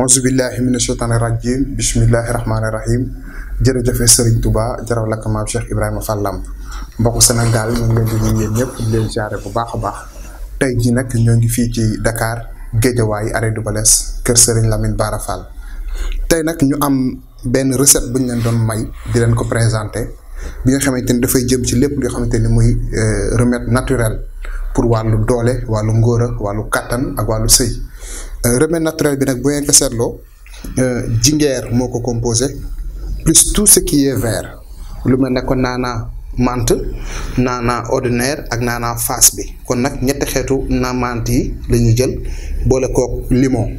auzu billahi mina sheytaani rajim bismillahi rahmaani rahim jërëjëfe Serigne Touba jaraw lakk maam Cheikh Ibrahima Fall Lamp mbokku senegal ñu ngi leen di nuyu ñëpp di leen jaare bu baax a baax tey ji nag ñoo ngi fii ci Dakar Géejawaay arrêt du Balès kër Serigne lamin Bara Fall tey nag ñu am benn recette bu ñu leen doon may di leen ko présenté bi nga xamante ni dafay jëm ci lépp loo xamante ni muy euh, remède naturel pour wàllu doole wàllu ngóora wàllu kàttan ak wàllu sëy Euh, remède naturel bi nak bu ngeen euh, ko composé plus tout ce qui est vert lu mel ne ko nana menthe, nana ordinaire ak nana face bi kon nak ñetti xétu na menthe yi limon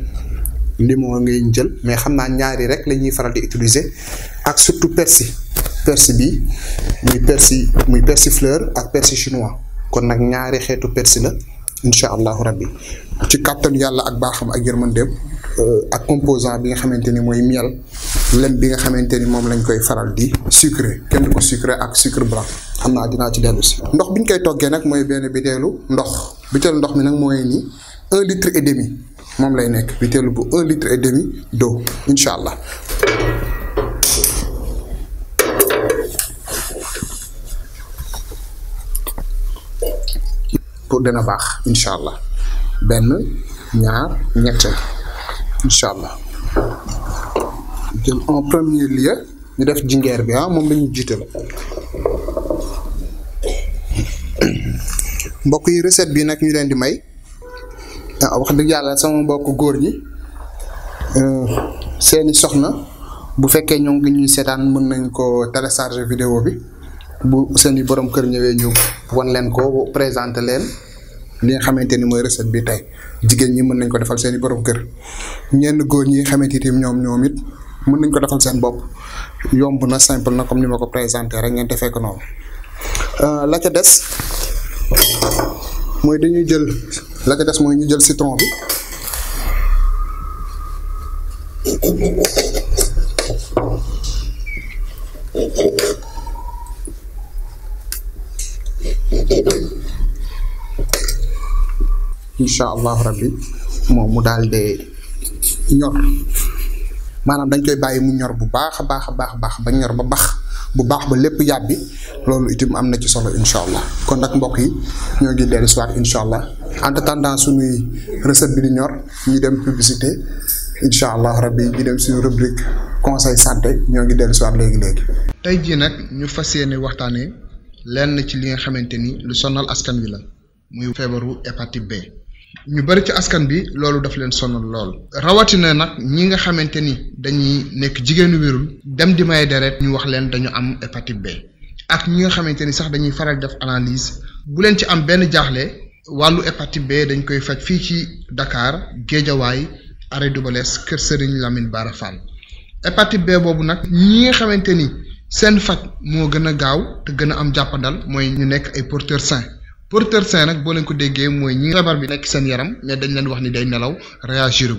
limon ngay mais ñaari rek lañuy utiliser ak surtout persil persil bi muy persil muy persil fleur ak persil chinois kon nak ñaari xétu incha allahu rabbi ci kàttan yàlla ak baaxam ak yërmandeem euh, ak composant bi nga xamante ni mooy miel lem bi nga xamante ni moom lañ koy faral di sucré kenn du ko sucré ak sucre blanc xam naa dinaa ci dellu si. ndox bi ñu koy toggee nag mooy benn biteelu ndox biteelu ndox mi nag mooy ni un litre et demi moom lay nekk biteelu bu un litre et demi d'eau incha allah. loolu dana baax incha allah benn ñaar ñetteel incha allah jël en premier lieu ñu def jingeer bi ah moom la ñu jiital mbokk yi recette bi nag ñu leen di may ah, wax dëgg yàlla sama mbokk góor ñi euh, seeni soxna bu fekkee ñoo ngi ñuy seetaan mën nañ ko télécharger vidéo bi bu seen borom kër ñëwee ñu won leen ko présenter leen li nga xamanteni moy reset bi tay jigen ñi mën nañ ko defal seen borom kër ñen goor ñi xamanteni ñom ñomit mën nañ ko defal seen bop yomb na simple na comme ni ma ko présenté rek ngeen defé ko non euh la ca dess moy dañuy jël la ca dess moy ñu jël citron bi insha rabbi mo mu de ñor manam dañ koy bàyyi mu ñor bu baax a baax a baax baax ba ñor ba bax bu baax ba lepp yabbi loolu itim am ci solo insha allah kon nak mbokk yi ñoo ngi dellu soir insha allah en attendant suñuy recette bi di ñor ñu dem publicité insha allah rabbi ñu dem suñu rubrique conseil santé ñoo ngi dellu soir léegi léegi tay ji nak ñu fassiyene waxtane lenn ci li nga xamanteni lu sonal askan wi la muy Epati hepatite B ñu bari ci askan bi loolu daf leen sonal lool rawatina nag ñi nga xamante ni dañuy nekk jigéenu wérul dem di may deret ñu wax leen dañu am hépatite ak ñi nga xamante ni sax dañuy faral def analyse bu leen ci am benn jaaxle wàllu hépatite dañ koy faj fii ci dakaar Géejawaay are arrêt Dubalès Kër Serigne Lamine Bara Fall hépatite B boobu nag ñi nga xamante ni seen faj moo gën a gaaw te gën a am jàppandal mooy ñu nekk ay porteurs sains porteur sain nag boo leen ko déggee mooy ñi feebar bi nekk seen yaram mais dañ leen wax ni day nelaw te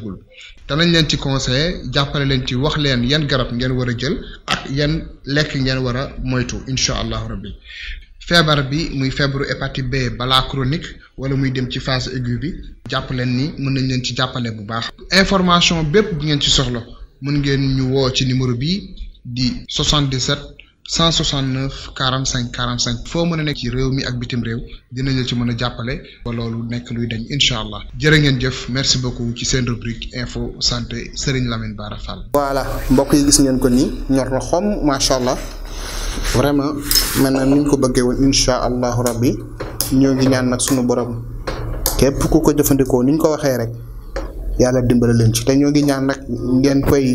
danañ leen ci conseillé jàppale leen ci wax leen yan garab ngeen war a jël ak yan lekk ngeen war a moytu incha allahu rabbi feebar bi muy feebaru hépatite B balaa chronique wala muy dem ci phase aiguë bi jàpp leen ni mën nañ leen ci jàppale bu baax. information bépp bu ngeen ci soxla mën ngeen ñu woo ci numéro bi di 77. 169 45 45 foo mën a nekk ci réew mi ak bitim réew dinañ la ci mën a ba luy dañ allah jërë ngeen jëf merci beaucoup ci seen rubrique info santé Serigne Lamine barafal Fall. voilà mbokk yi gis ngeen ko nii ñor na xom macha allah vraiment mel na ko bëggee woon incha allah rabbi ñoo ngi ñaan nag sunu borom képp ku ko jëfandikoo ni ko waxee rek yàlla dimbale ci te ñoo ngi ñaan ngeen koy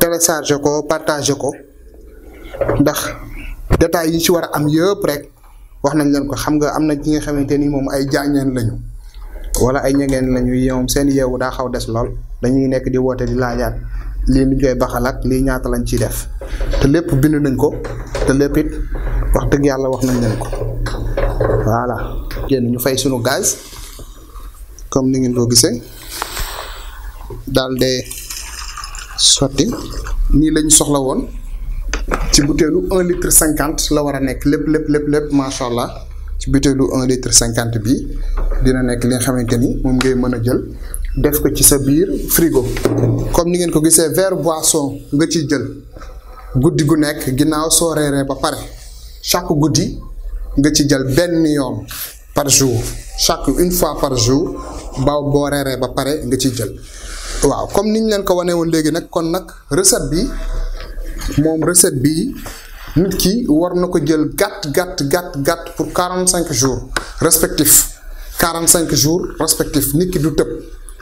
télécharger ko partager ko ndax detaay yi ci wara am yépp rek wax nañ leen ko xam nga am na ci nga xamanteni mom ay jaañeen lañu wala ay ñegeen lañu yoom seen yewu da xaw dess lool dañuy nekk di wote di laajaat li ñu koy baxal ak lii ñaata lañ ci def te lepp bind nañ ko te lepp it wax deug yalla wax nañ leen ko wala génn ñu fay suñu gaz comme ni ngeen ko gisee dal de sotti ni lañ soxla won ci butéelu 1 litre 50 la wara nek lepp lepp lepp lepp ma sha allah ci butéelu 1 litre 50 bi dina nek li nga xamante ni moom ngay mën jël def ko ci sa bir frigo comme ni ngeen ko gisee verre boisson nga ci jël goudi gu nek ginaaw so reeree ba paré chaque goudi nga ci jël ben yoon par jour chaque une fois par jour ba bo reeree ba paré nga ci jël waaw comme niñ leen ko wanee won légui nak kon nak recette bi moom recette bi nit ki war na ko jël gàtt gàtt gàtt gàtt pour quarante cinq jours respectif quarante cinq jours respectif nit ki du tëb.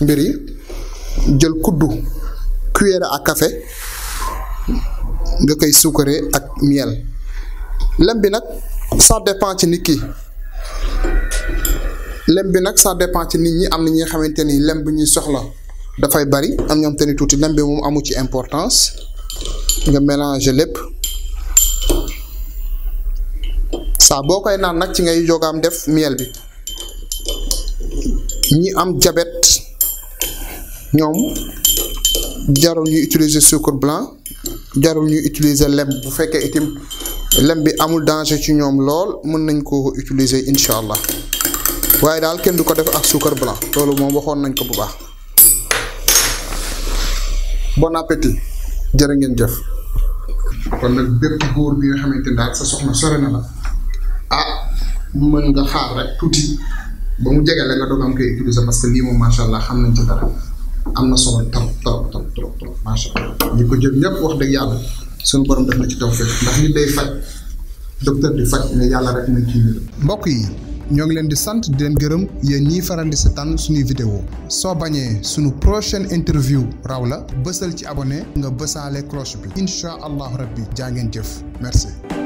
mbir yi jël kuddu cuillère ak kafe nga koy suukaree ak miel lem bi nag ça dépend ci nit ki lem bi nag ça dépend ci nit ñi am na ñi nga xamante ni lem bi ñuy soxla dafay bari am ñoom te ni tuuti lem bi moom amu ci importance nga mélanger lépp saa boo koy naan nag ci ngay jogaam def miel bi ñi am jabet ñoom jarul ñuy utiliser sucre blanc jarul ñuy utiliser lem bu fekkee itam lem bi amul danger ci ñoom lool mën nañ ko utiliser incha allah waaye daal kenn du ko def ak sucre blanc loolu moom waxoon nañ ko bu baax bon appétit jërë ngeen jëf. kon nag bépp góor bi sa soxna sore na la ah mën nga xaar tuuti ba mu jegele nga doog am lii moom macha xam nañ ci am na solo trop trop trop trop trop macha allah ñi ko jël ñëpp wax dëgg yàlla suñu borom def na ci tawfeex ndax nit day faj docteur di faj mais yàlla rek mooy kii mbokk yi. ñoo ngi leen di sant di leen gërëm yéen ñiy faral di sa tànn suñuy vidéo soo bañee sunu prochaine interview raw la bësal ci abone nga bësaale cloche bi incha allahu rabbi jaa ngeen jëf merci